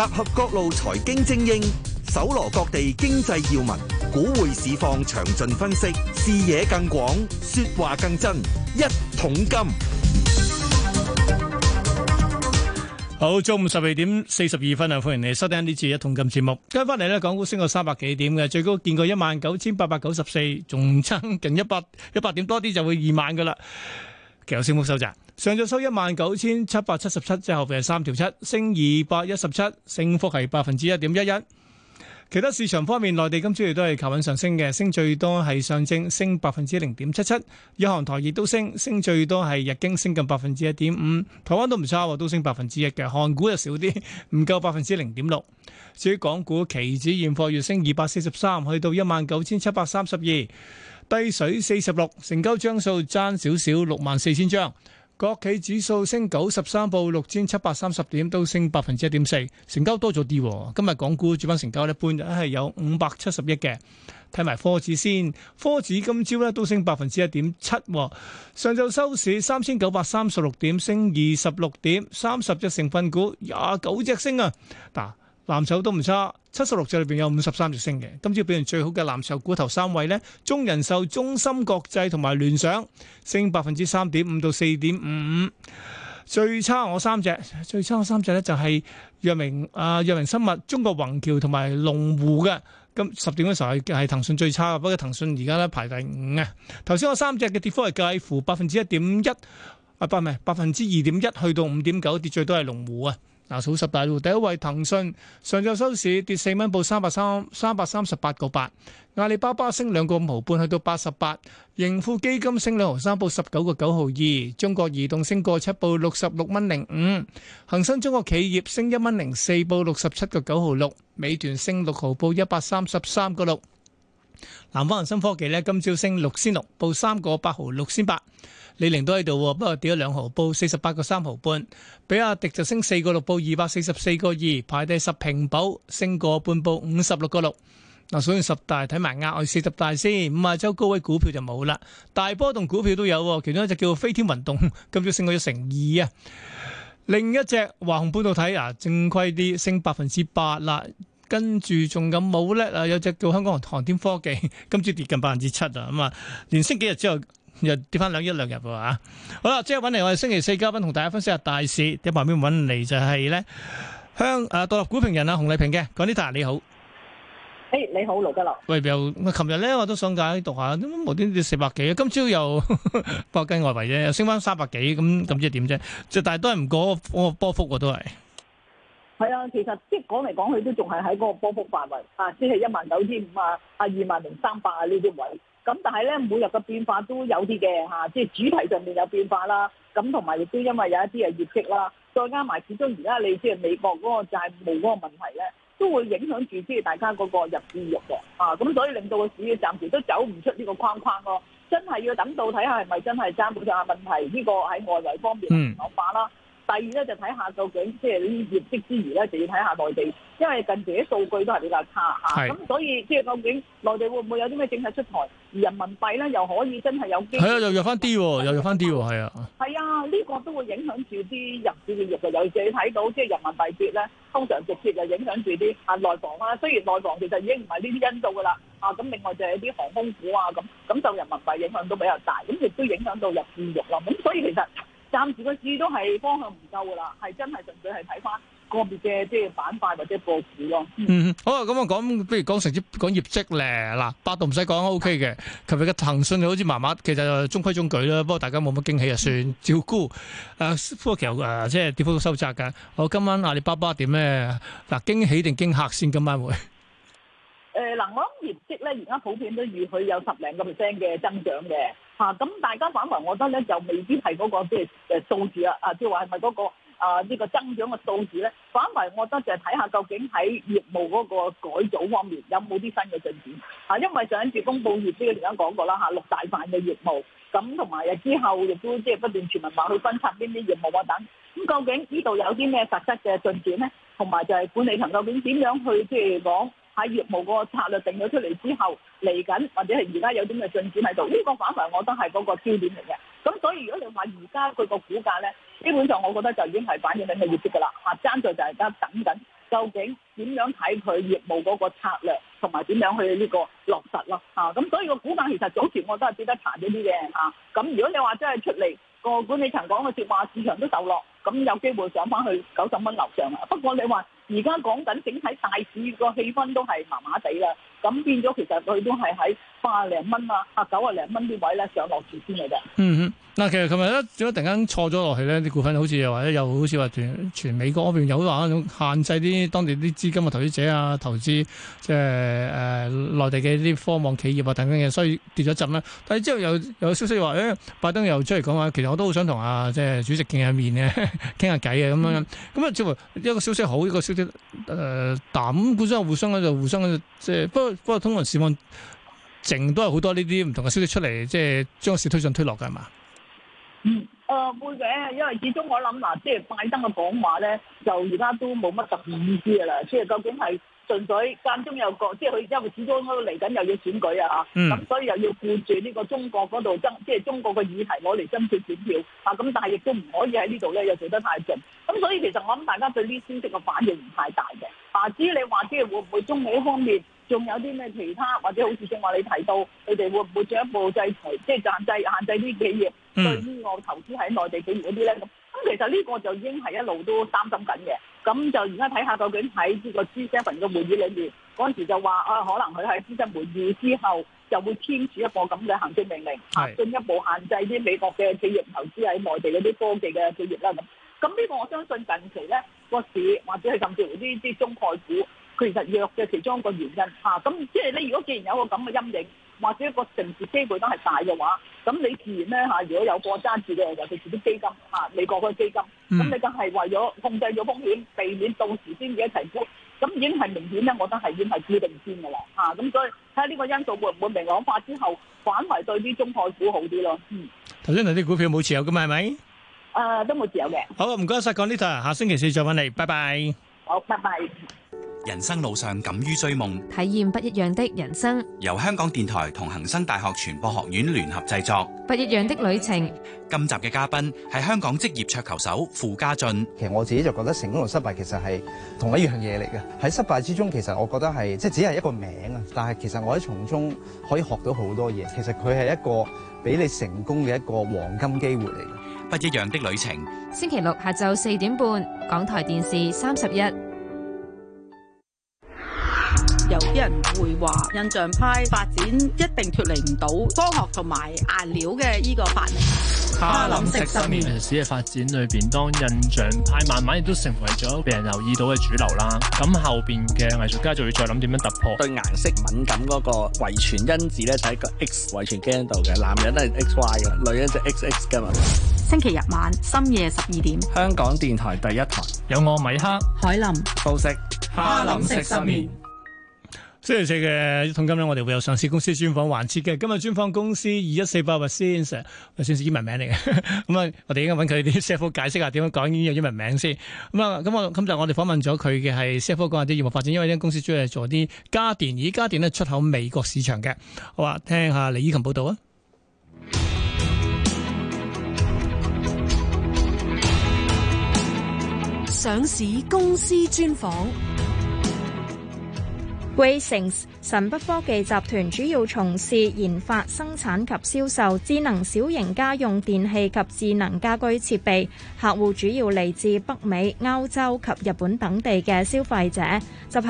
集合各路財經精英，搜羅各地經濟要聞，股匯市況詳盡分析，視野更廣，說話更真，一桶金。好，中午十二點四十二分啊，歡迎你收聽呢次一桶金節目。跟翻嚟呢，港股升過三百幾點嘅，最高見過一萬九千八百九十四，仲爭近一百一百點多啲，就會二萬噶啦。有 3, 7, 升, 217, 升幅收窄，上日收一萬九千七百七十七，之後係三條七，升二百一十七，升幅係百分之一點一一。其他市場方面，內地今朝亦都係求穩上升嘅，升最多係上證升百分之零點七七，日韓台亦都升，升最多係日經升近百分之一點五，台灣都唔差，都升百分之一嘅，韓股又少啲，唔夠百分之零點六。至於港股，期指現貨月升二百四十三，去到一萬九千七百三十二。低水四十六，成交張數爭少少六萬四千張。國企指數升九十三報六千七百三十點，都升百分之一點四，成交多咗啲。今日港股主板成交咧，半日係有五百七十億嘅。睇埋科指先，科指今朝咧都升百分之一點七。上晝收市三千九百三十六點，升二十六點，三十隻成分股廿九隻升啊，嗱。藍籌都唔差，七十六隻裏邊有五十三隻升嘅。今朝表現最好嘅藍籌股頭三位呢，中人壽、中芯國際同埋聯想升百分之三點五到四點五五。最差我三隻，最差我三隻呢就係藥明、啊藥明生物、中國宏橋同埋龍湖嘅。咁十點嘅時候係係騰訊最差嘅，不過騰訊而家呢排第五嘅啊。頭先我三隻嘅跌幅係介乎百分之一點一，啊，不係百分之二點一去到五點九，跌最多係龍湖啊。嗱，數十大路第一位，騰訊上晝收市跌四蚊，報三百三三百三十八個八。阿里巴巴升兩個五毫半，去到八十八。盈富基金升兩毫三，報十九個九毫二。中國移動升個七，報六十六蚊零五。恒生中國企業升一蚊零四，報六十七個九毫六。美團升六毫，報一百三十三個六。南方恒生科技呢，今朝升六仙六，報三個八毫六仙八。李寧都喺度，不過跌咗兩毫，報四十八個三毫半。比亞迪就升四個六，報二百四十四個二，排第十。平保升個半，報五十六個六。嗱，所以十大睇埋額外四十大先。五十周高位股票就冇啦。大波動股票都有，其中一隻叫飛天運動，今朝升咗成二啊。另一隻華虹半導體啊，正規啲，升百分之八啦。跟住仲咁冇叻啊！有隻叫香港航天科技，今朝跌近百分之七啊！咁啊，連升幾日之後又跌翻兩一兩日喎嚇！好啦，即係搵嚟我哋星期四嘉賓同大家分享下大市。啲旁邊搵嚟就係咧香誒獨立股評人啊，熊麗萍嘅，Gardita 你好，誒你好，盧家樂。喂，又琴日咧，我都想解讀下，都無端端跌四百幾，今朝又百幾外圍啫，升翻三百幾，咁咁即係點啫？即係但係都係唔過個波幅喎，都係。係啊，其實即係講嚟講去都仲係喺嗰個波幅範圍啊，只係一萬九千五啊、啊二萬零三百啊呢啲位。咁但係咧，每日嘅變化都有啲嘅嚇，即係主題上面有變化啦。咁同埋亦都因為有一啲嘅業績啦，再加埋始終而家你即係美國嗰個債務嗰個問題咧，都會影響住即係大家嗰個入市欲嘅啊。咁所以令到個市要暫時都走唔出呢個框框咯。真係要等到睇下係咪真係爭補上下問題呢個喺外圍方面嘅講法啦。第二咧就睇下究竟即係呢業績之餘咧，就要睇下內地，因為近期啲數據都係比較差吓，咁所以即係究竟內地會唔會有啲咩政策出台，而人民幣咧又可以真係有機會係啊，又弱返啲，又弱返啲喎，係啊，係啊，呢個都會影響住啲入市嘅業啊，尤其是你睇到即係人民幣跌咧，通常直接就影響住啲啊內房啦。雖然內房其實已經唔係呢啲因素噶啦，啊咁，另外就係啲航空股啊咁，咁受人民幣影響都比較大，咁亦都影響到入市業啦。咁所以其實。暫時個市都係方向唔夠噶啦，係真係純粹係睇翻個別嘅即係板塊或者個股咯。嗯嗯，好啊，咁我講，不如講成績講業績咧。嗱，百度唔使講，OK 嘅。琴日嘅騰訊又好似麻麻，其實中規中矩啦。不過大家冇乜驚喜就算。趙姑，誒富科技又誒即係跌幅都收窄噶。我今晚阿里巴巴點咧？嗱，驚喜定驚吓先？今晚會？誒，嗱，我諗業績咧，而家普遍都預佢有十零個 percent 嘅增長嘅。啊，咁大家反為，我覺得咧就未必係嗰個即係誒數字啊，啊，即係話係咪嗰個啊呢個增長嘅數字咧？反為，我覺得就係睇下究竟喺業務嗰個改組方面有冇啲新嘅進展嚇、啊，因為上一次公布業績嘅時間講過啦嚇、啊，六大塊嘅業務，咁同埋之後亦都即係不斷傳聞話去分拆邊啲業務啊等，咁究竟呢度有啲咩實質嘅進展咧？同埋就係管理層究竟點樣去即係講？就是喺業務嗰個策略定咗出嚟之後，嚟緊或者係而家有啲咁嘅進展喺度，呢個反饋我都係嗰個焦點嚟嘅。咁所以如果你話而家佢個股價咧，基本上我覺得就已經係反映緊佢業績㗎啦。嚇，爭在就係而家等緊究竟點樣睇佢業務嗰個策略，同埋點樣去呢個落實咯。嚇，咁所以個股價其實早前我都係記得差咗啲嘅嚇。咁如果你話真係出嚟個管理層講嘅説話，市場都受落，咁有機會上翻去九十蚊樓上啊。不過你話，而家講緊整體大市個氣氛都係麻麻地啦，咁變咗其實佢都係喺。啊，零蚊啦，啊九啊零蚊啲位咧上落住先嚟嘅。嗯嗯，嗱，其實琴日咧，點解突然間錯咗落去咧，啲股份好似又或者又好似話全全美國嗰邊又好話限制啲當地啲資金嘅投資者啊，投資即係誒內地嘅啲科網企業啊等等嘅，所以跌咗一浸啦。但係之後又有消息話，誒、欸、拜登又出嚟講話，其實我都好想同啊即係主席見下面嘅，傾下偈嘅咁樣。咁、嗯、啊，似乎一個消息好，一個消息誒、呃、淡，互相互相咧就互相即係，不過不過通常市況。淨都係好多呢啲唔同嘅消息出嚟，即係將市推上推落嘅係嘛？嗯，誒、呃、會嘅，因為始終我諗嗱，即係拜登嘅講話咧，就而家都冇乜特別意思嘅啦。即係究竟係進水間中有個，即係佢因為始終都嚟緊又要選舉啊，咁、嗯、所以又要顧住呢個中國嗰度爭，即係中國嘅議題攞嚟爭取選票啊。咁但係亦都唔可以喺呢度咧又做得太盡。咁所以其實我諗大家對呢啲消息嘅反應唔太大嘅。啊，至於你話即係會唔會中美方面？仲有啲咩其他或者好似正話你提到，佢哋會唔會進一步制裁，即係限制限制啲企業對外投資喺內地企業嗰啲咧？咁咁其實呢個就已經係一路都擔心緊嘅。咁就而家睇下究竟喺呢個 G Seven 嘅會議裏面嗰陣時就話啊，可能佢喺 G Seven 會議之後就會簽署一個咁嘅行政命令，進一步限制啲美國嘅企業投資喺內地嗰啲科技嘅企業啦。咁咁呢個我相信近期咧，個市或者係甚至乎啲啲中概股。其實弱嘅其中一個原因嚇，咁即係咧。如果既然有個咁嘅陰影，或者個成事機會都係大嘅話，咁你自然咧嚇，如果有過揸住嘅，尤其是啲基金嚇，美國嘅基金，咁你就係為咗控制咗風險，避免到時先至一齊跌，咁已經係明顯咧，我覺得係已經係固定先嘅啦嚇。咁所以睇下呢個因素會唔會明朗化之後，反為對啲中概股好啲咯。嗯，頭先頭啲股票冇持有嘅嘛係咪？誒，都冇持有嘅。好啊，唔該曬，講呢度，下星期四再返嚟，拜拜。好，拜拜。人生路上，敢於追夢，體驗不一樣的人生。由香港電台同恒生大學傳播學院聯合製作，不一樣的旅程。今集嘅嘉賓係香港職業桌球手傅家俊。其實我自己就覺得成功同失敗其實係同一樣嘢嚟嘅。喺失敗之中，其實我覺得係即只係一個名啊，但係其實我喺從中可以學到好多嘢。其實佢係一個俾你成功嘅一個黃金機會嚟嘅。不一樣的旅程，星期六下晝四點半，港台電視三十一。有啲人會話印象派發展一定脱離唔到科學同埋顏料嘅依個範疇。哈林式失眠史嘅發展裏邊，當印象派慢慢亦都成為咗被人留意到嘅主流啦。咁後邊嘅藝術家就要再諗點樣突破。對顏色敏感嗰個遺傳因子咧，就喺、是、個 X 遺傳基因度嘅。男人係 XY 嘅，女人就是 XX 嘅嘛。星期日晚深夜十二點，香港電台第一台有我米克、海林、高色、哈林式失眠。星期四嘅一桶金咧，跟今天我哋會有上市公司專訪環節嘅。今日專訪公司二一四八物先，算係英文名嚟嘅。咁啊，我哋應該揾佢啲社福解釋下，點樣講呢個英文名先。咁啊，咁我今日我哋訪問咗佢嘅係社福講下啲業務發展，因為呢間公司主要係做啲家電，而家電咧出口美國市場嘅。好啊，聽下李依琴報道啊。上市公司專訪。威城神北科技集團主要從事研發、生產及銷售智能小型家用電器及智能家居設備，客戶主要嚟自北美、歐洲及日本等地嘅消費者。